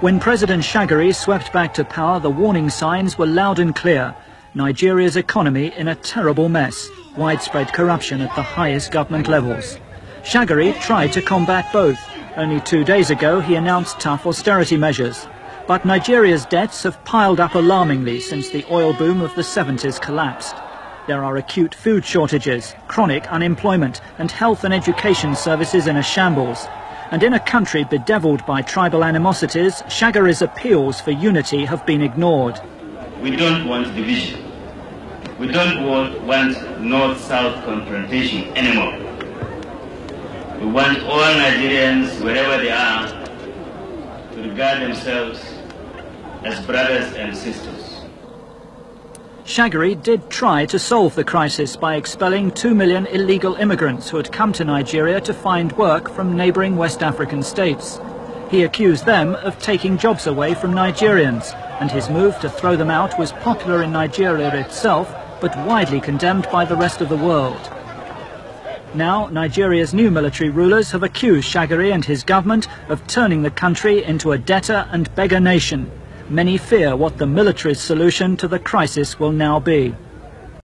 When President Shagari swept back to power, the warning signs were loud and clear. Nigeria's economy in a terrible mess, widespread corruption at the highest government levels. Shagari tried to combat both. Only two days ago, he announced tough austerity measures. But Nigeria's debts have piled up alarmingly since the oil boom of the 70s collapsed. There are acute food shortages, chronic unemployment, and health and education services in a shambles. And in a country bedeviled by tribal animosities, Shagari's appeals for unity have been ignored. We don't want division. We don't want, want North-South confrontation anymore. We want all Nigerians, wherever they are, to regard themselves as brothers and sisters. Shagari did try to solve the crisis by expelling 2 million illegal immigrants who had come to Nigeria to find work from neighbouring West African states. He accused them of taking jobs away from Nigerians, and his move to throw them out was popular in Nigeria itself, but widely condemned by the rest of the world. Now, Nigeria's new military rulers have accused Shagari and his government of turning the country into a debtor and beggar nation. Many fear what the military's solution to the crisis will now be.